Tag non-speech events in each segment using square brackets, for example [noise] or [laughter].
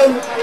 leen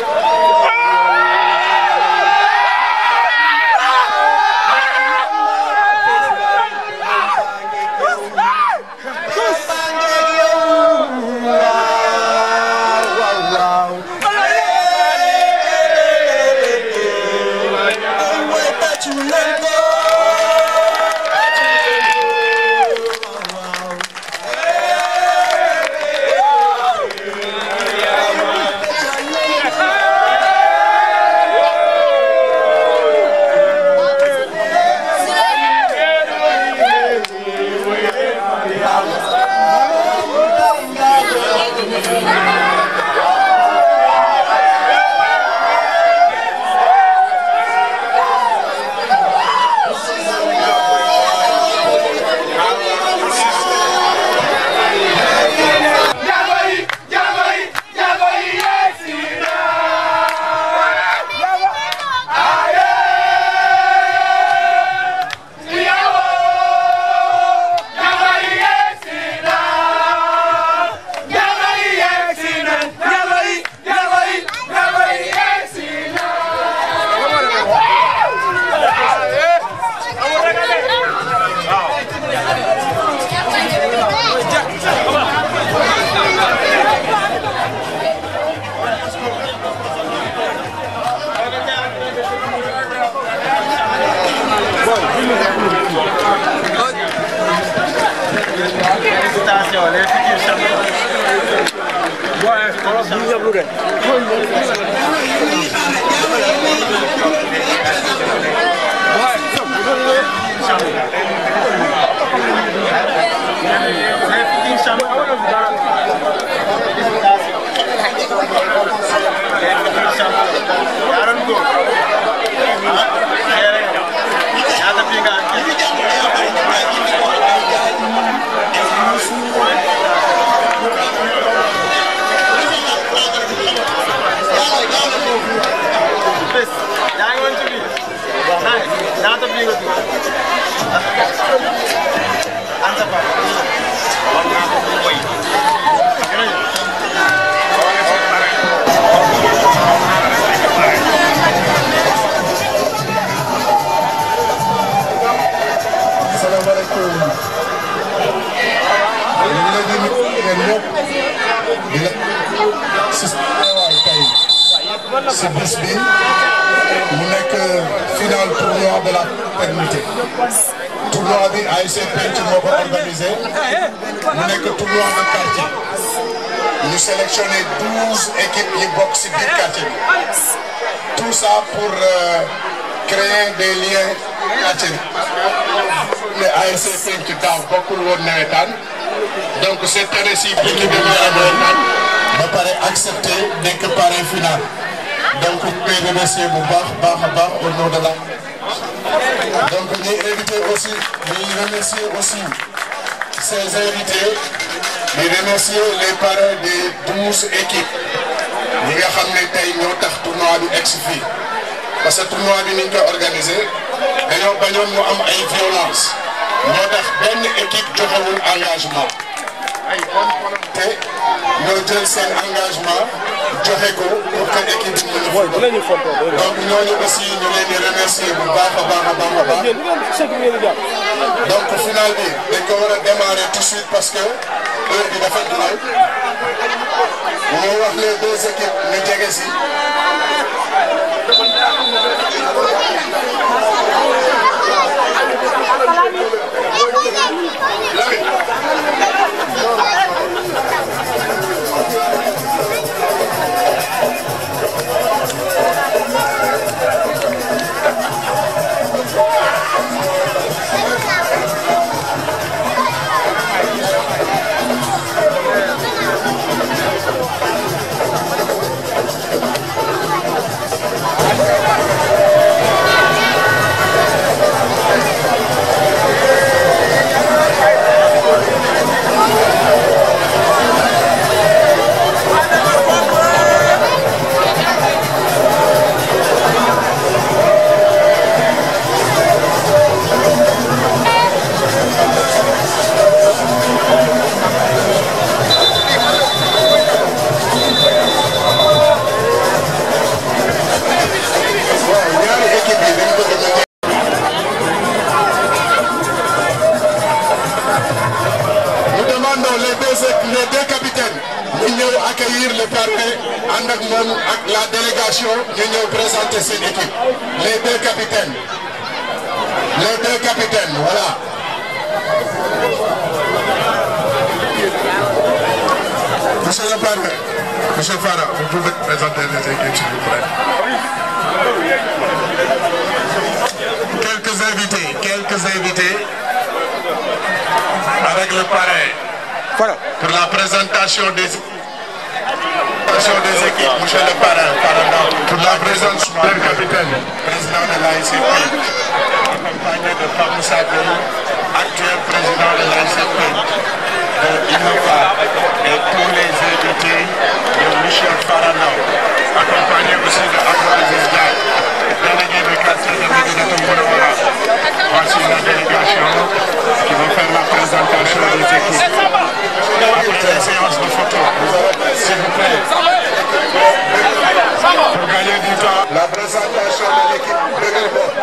nekk final tournoi de la paternité tournoi bi ASC Penc moo ko organisé mu nekk tournoi de quartier ñu sélectionné douze équipes yi bokk ci biir quartier bi tout ça pour euh, créer des liens quartier bi mais ASC Penc daaw bokkul woon nawetaan donc cette année ci bi ñu demee ak nawetaan ba pare accepté nekk parrain final. donc ñu koy remercier bu baax baax a baax au nom de donc ni invité aussi ñuy remercier aussi ses invités di remercier les parents des douze équipes ñi nga xam ne tey ñoo tax tournoi bi egsi fi parce que tournoi bi niñ koy organiser dañoo bañoon mu am ay violence ñoo tax benn équipe joxewul engagement te ñoo jël seen engagement joxe ko pour que équipe bi mën a. donc ñooñu aussi ñu leen di remercier bu baax a baax a baax a baax. donc final bi dañ ko war a démarrer tout de suite parce que heure bi dafa dugal moo wax les deux équipes ñu jege si.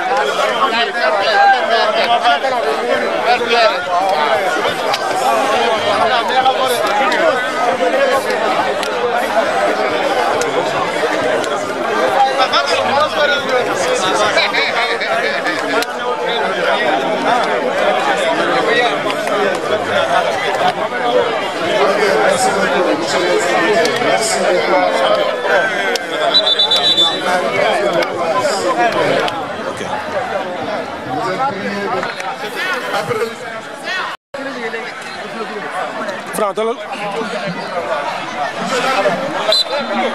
Merci beaucoup. Franc tolol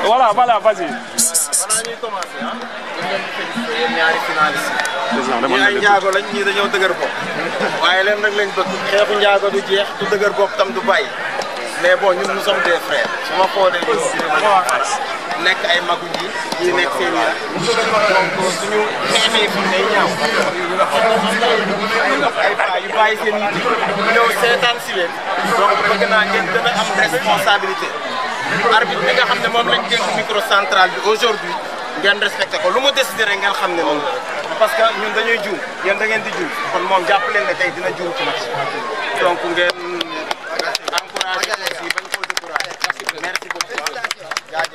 voilà voilà vas-y. yéen ñaari finaliste yi. ay njaago lañ ñii dañoo dëgër bopp. waaye leen rek lañ bëgg xeexu njaago du jeex du dëgër bopp tam du bàyyi. mais bon ñun nous sommes des frères. su ma xoolee. nekk ay magu ji ñi nekk seen yaay donc suñu xeexee fii day ñaaw ay paa yu bàyyi seen nit yi ñëw seetaan si leen donc bëgg naa ngeen gën a am responsabilité arbitre bi nga xam ne moom lañ dénk micro central bi aujourd'hui ngeen respecté ko lu mu décidé rek ngeen xam ne moom parce que ñun dañuy juum yéen da ngeen di juum kon moom jàpp leen ne tey dina juum ci match donc ngeen da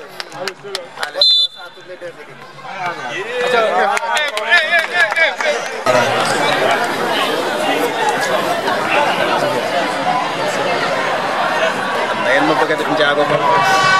ngeen ma bëgg a def njaago ba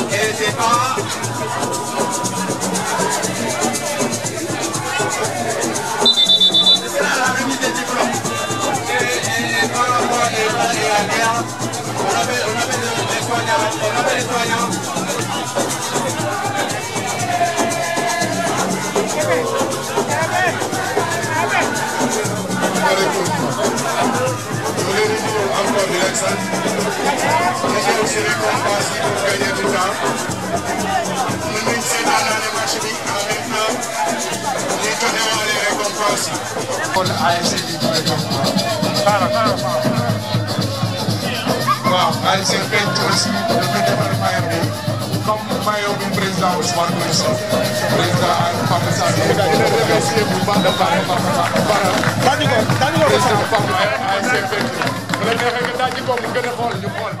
n'arrêtez pas. C'est là la remise des diplômes. Et, et, par rapport à l'état et la guerre, on appelle, on appelle les soignants, on appelle les soignants. ASC kon ASC bi mooy doon waaw ASC Penc aussi dafa defar maillot bi comme maillot bi président Ousmane Ngom si président Pape Sarr bu baax a baax a baax a baax. président Pape ASC Penc bu la neexee nga daal di ko mu gën a xool ñu xool.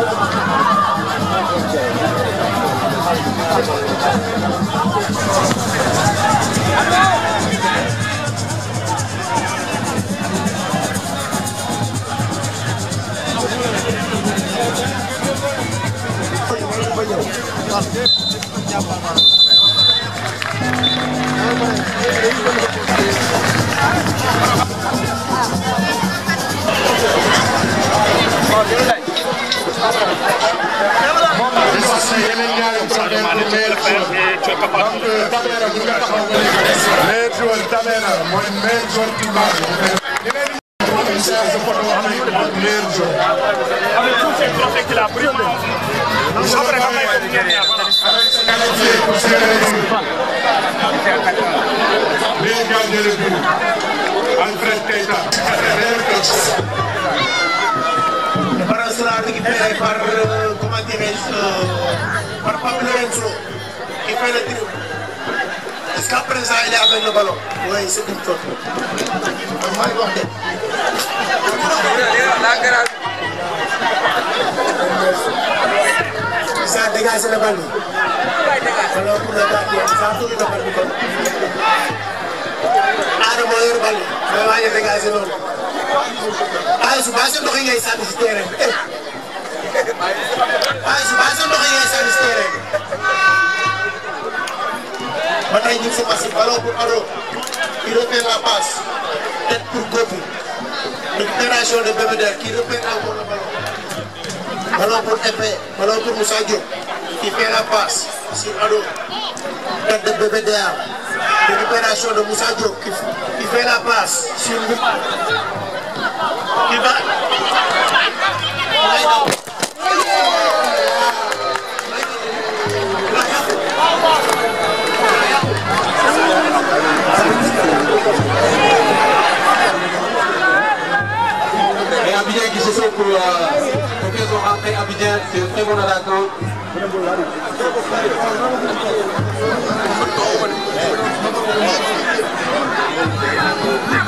Oh, do that. meilleur joueur Tabera mooy meilleur joueur Touba. une séance de photo wax nañu meilleur joueur. avec tous ces trophées qu'il a pris. après nga may ko bu ngeen yàgg. avec sa qualité pour serrer les buts. meilleur gardien de but. Alfred Keita. meilleur coach. sera récupéré par, euh, comment dirais-je, euh, par Pablo Lorenzo, qui fait le dribble. Est-ce qu'à présent, il est avec le ballon Oui, c'est une faute. Ça a dégagé le ballon. Alors pour le gardien, ça a tourné le ballon. Ah, le meilleur ballon. Mais il a dégagé l'autre. waaye su baax sa ndox yi ngay sànni si terrain bi waaye su baax yi ngay sànni si terrain bi ba tey ñu ngi si Massi ballon pour Ado qui refait la passe de Bébédère qui repère encore le ballon ballon pour Épée ballon pour Moussa Diop qui fait la passe sur Ado tête de Bébédère récupération de Moussa Diop qui Get back. Et Abidjan qui se sent pour, euh, pour 15 ans après Abidjan, c'est un très bon attaquant. Thank you.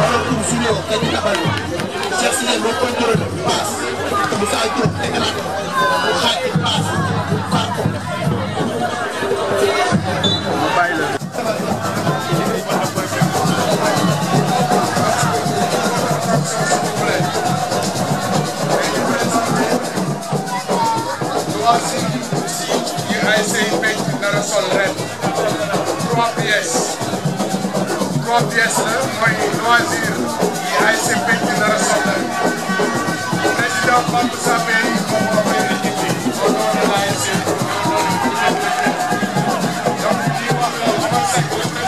Balotoum Junior dañu tabal Cheikh Sidé moo contrôlé passe Moussa Diop tegalaat mu xaaj passe mu faar ko. Trois pièces. trois pièces la mooy loisir yi ay CPT dara soxla président Pape Sabe moom moo koy équipe bi au nom de l'ASC donc kii wax la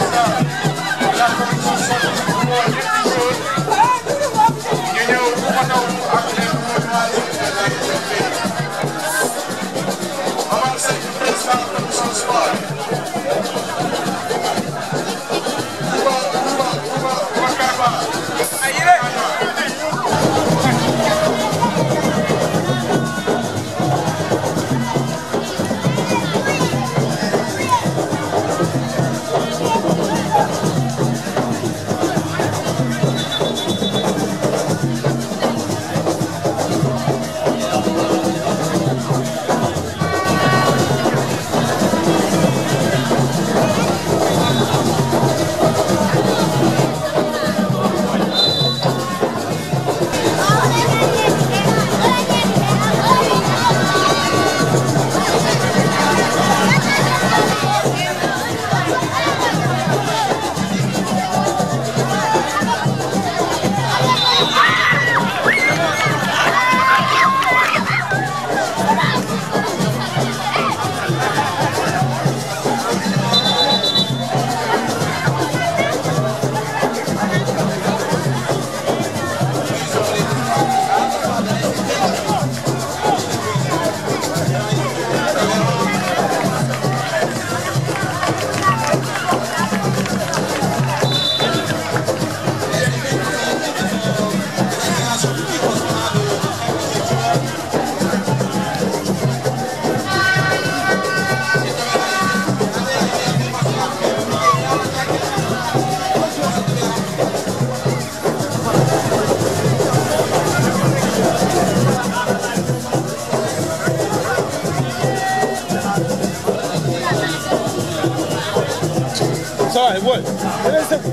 da ngay sëgg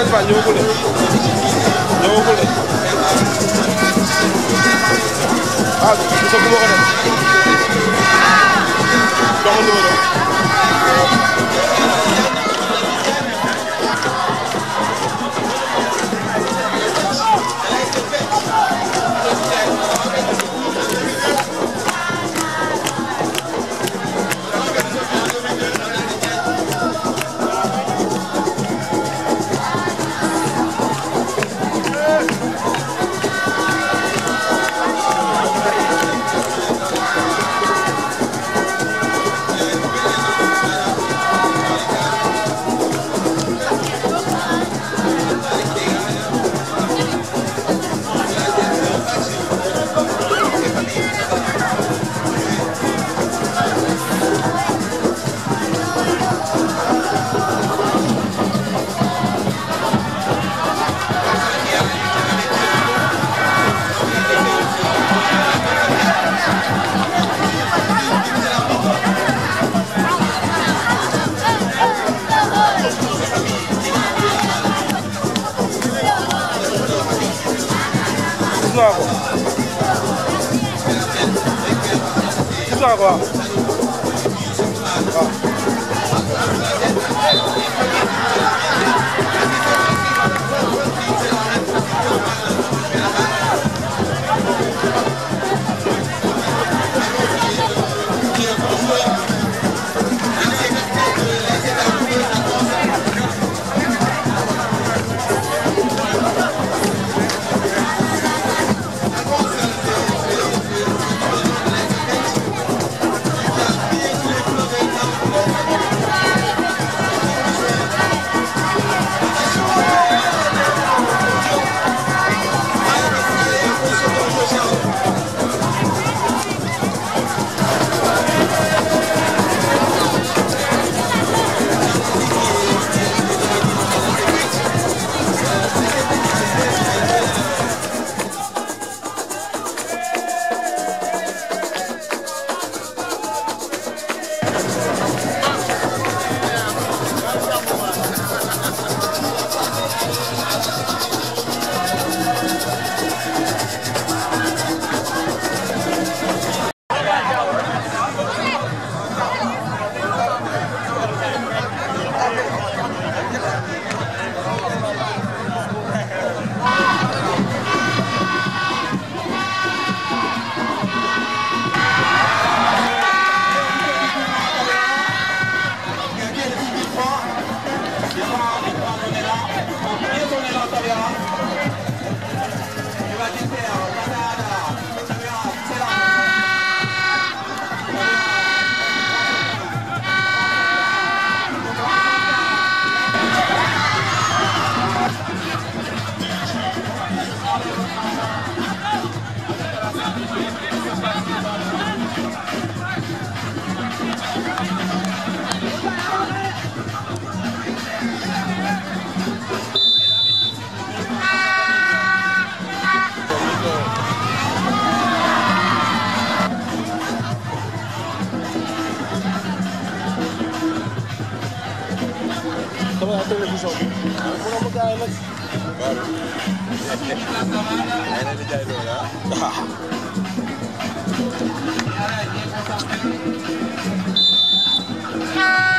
Orange Fall ñëwagul de ñëwagul de ah bu soog a ça, quoi. Tamam, her tarafı sor. Buna mı gayet? Var. waaw.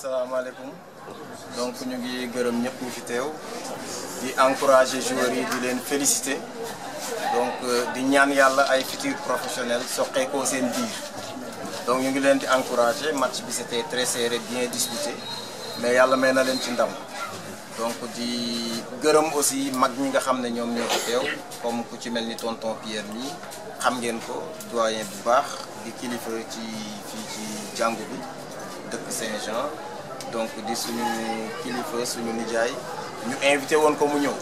asalaamaaleykum donc ñu ngi gërëm ñëpp ñu fi teew di encourager joueurs yi di leen féliciter donc euh, di ñaan yàlla ay futurs professionnels soqeekoo seen biir donc ñu ngi leen di encourager match bi c'était très serré bien disputé mais yàlla may na leen ci ndam donc di gërëm aussi mag ñi nga xam ne ñoom ñoo fi teew comme ku ci mel ni tonton Pierre nii xam ngeen ko doyen bu baax di kilifa ci fii ci jàngu bi dëkk Saint-Jean donc di suñu kilifa suñu nijaay ñu invité woon ko mu ñëw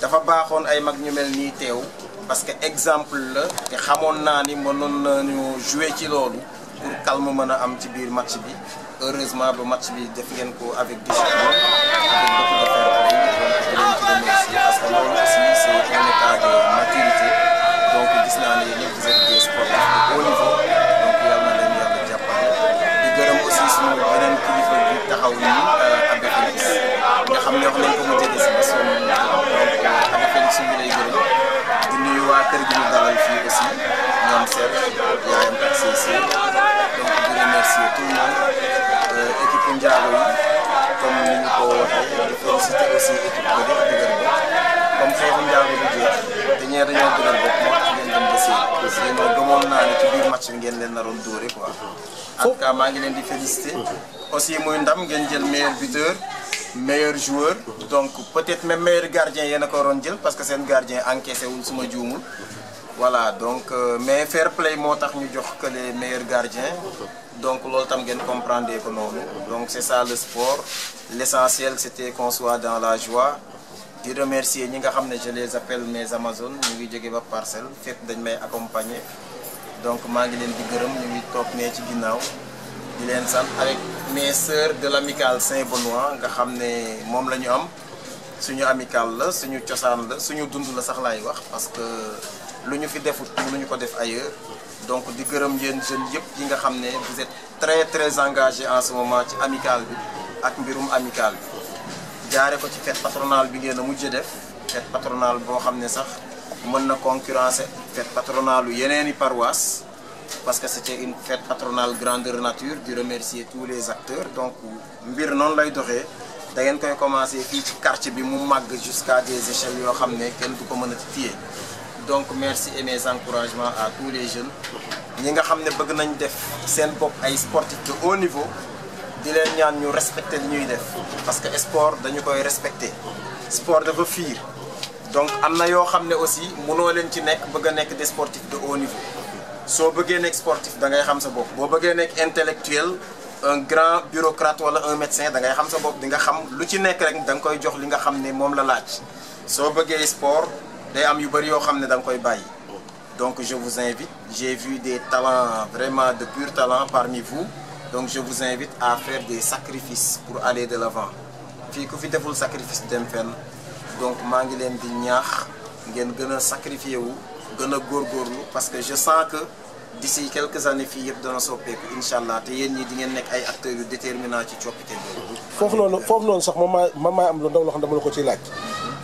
dafa baaxoon ay mag ñu mel nii teew parce que exemple la te xamoon naa ni mënoon nañu jouer ci loolu pour calme mën a am ci biir match bi heureusement ba match bi def ngeen ko avec discipline avec beaucoup de ferveur parce donc gis naa ne ñëpp vous êtes taxaw nii euh, nga xam ne wax nañ ko mu jege si bés bu mu Abbé Félix ñu ngi lay gërëm di nuyu waa kër gi ñu dalal fii aussi ñoom Serge yaayam ak CC donc di remercier tout le monde euh, équipe Ndiago yi comme ko waxee di félicité aussi équipe bi rek te ñeer si yéen gëmoon naa ne biir match bi ngeen leen naroon dóore quoi. en tout maa ngi leen di félicité aussi muy ndam ngeen jël meilleur buteur meilleur joueur donc peut-être même meilleur gardien yéen a ko waroon jël parce que seen gardien encaissé wul suma juumul voilà donc euh, mais fair play moo tax ñu jox que les meilleurs donc loolu tam ngeen comprendre ko noonu donc c'est ça le sport l'essentiel c'était qu'on soit dans la joie di remercier ñi nga xam ne je les appelle mes amazones ñu ngi jege ba parcelle fépp dañ may accompagner donc maa ngi leen di gërëm ñu ngi toog nee ci ginnaaw di leen san avec mais sœurs de l'amicale Saint-Benoît nga xam ne moom la ñu am suñu amicale la suñu cosaan la suñu dund la sax laay wax parce que lu ñu fi defut lu ñu ko def ailleurs donc di gërëm yéen jeunes yëpp yi nga xam ne vous êtes très très engagés en ce ci amicale bi ak mbirum amicale bi jaare ko ci fête patronale bi ngeen a mujj def fête patronale boo xam ne sax mën na concurrencer fête patronale yeneeni paroisse parce que c'était une fête patronale grandeur nature di remercier tous les acteurs donc mbir noonu lay doxee da ngeen koy commencer fii ci quartier bi mu màgg jusqu'à des échelles yoo xam ne kenn du ko mën a téye donc merci et mes encouragements à tous les jeunes ñi nga xam ne bëgg nañ def seen bopp ay sportifs de haut niveau di leen ñaan ñu respecter li ñuy def parce que sport dañu koy respecter sport dafa fiir donc am na yoo xam ne aussi mënoo leen ci nekk bëgg nekk des sportifs de haut niveau soo bëggee nekk sportif da ngay xam sa bopp boo bëggee nekk intellectuel un grand bureaucrate wala un médecin da xam sa bopp di nga xam lu ci nekk rek da nga koy jox li nga xam ne moom la laaj soo bëggee sport day am yu bëri yoo xam ne da nga koy bàyyi donc je vous invite j'ai vu des talents vraiment de purs talents parmi vous donc je vous invite à faire des sacrifices pour aller de l'avant fii ku fi deful sacrifice dem fenn donc maa ngi leen di ñaax ngeen gën a sacrifié wu gën a góor góorgóorlu parce que je sens que d'ici quelques années fii yëpp dana soppeeku incha allah te yéen ñi di ngeen nekk ay acteurs yu déterminant ci coppite boobu. foofu noonu foofu noonu sax ma mama am lu ndaw loo xam dama la ko ciy laaj.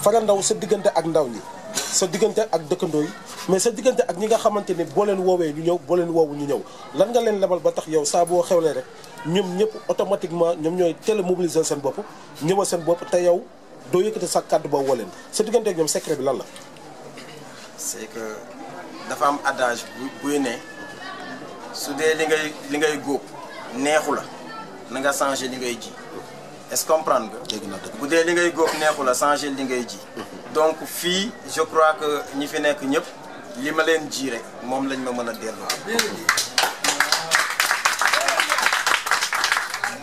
fara ndaw sa diggante ak ndaw ñi sa diggante ak dëkkandoo yi mais sa diggante ak ñi nga xamante ni boo leen woowee ñu ñëw boo leen woowu ñu ñëw lan nga leen lemal ba tax yow saa boo xewlee rek ñoom ñëpp automatiquement ñoom ñooy télémobiliser seen bopp ñëwal seen bopp te yow. doo yëkkati sa kàddu boobu woo leen sa diggante ak ñoom secret bi lan la. c'est que dafa am adage bu buy ne su dee li ngay li ngay góob neexu la na nga changer li ngay ji est-ce comprendre nga. bu dee li ngay góob neexu la changer li ngay ji. [laughs] donc fii je crois que ñi fi nekk ñëpp li ma leen ji rek moom lañ ma mën a delloo.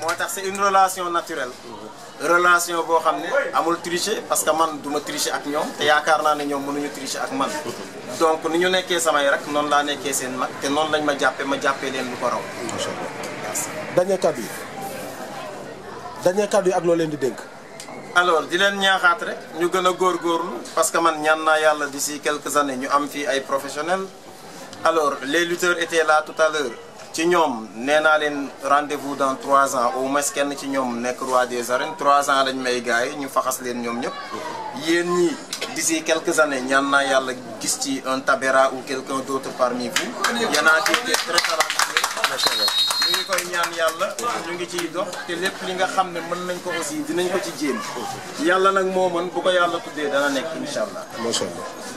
moo tax c'est une relation naturelle. Mm-hmm. relation boo xam ne amul tricher parce que man du ma tricher ak ñoom te yaakaar naa ne ñoom mënuñu tricher ak man donc ni ñu nekkee samay rek noonu laa nekkee seen mag te noonu lañ ma jàppee ma jàppee leen lu ko raw macha allah dañee kàddu yi dañee yi ak loo leen di dénk alors di leen ñaaxaat rek ñu gën a góorgóorlu parce que man ñaan naa yàlla di si quelques années ñu am fii ay professionnels alors les lutteurs étaient là tout à l'heure ci ñoom nee naa leen rendez-vous dans trois ans au moins kenn ci ñoom nekk roi des arènes trois ans lañ may gars ñu faxas leen ñoom ñëpp. yéen ñi si quelques années ñaan naa yàlla gis ci un Tabera ou quelqu'un d'autre parmi vous. yéen a ngi ciy très ñu ngi koy ñaan yàlla. ñu ngi ciy dox te lépp li nga xam ne mën nañ ko aussi dinañ ko ci jéem. yàlla nag moo mën bu ko yàlla tuddee dana nekk incha allah. macha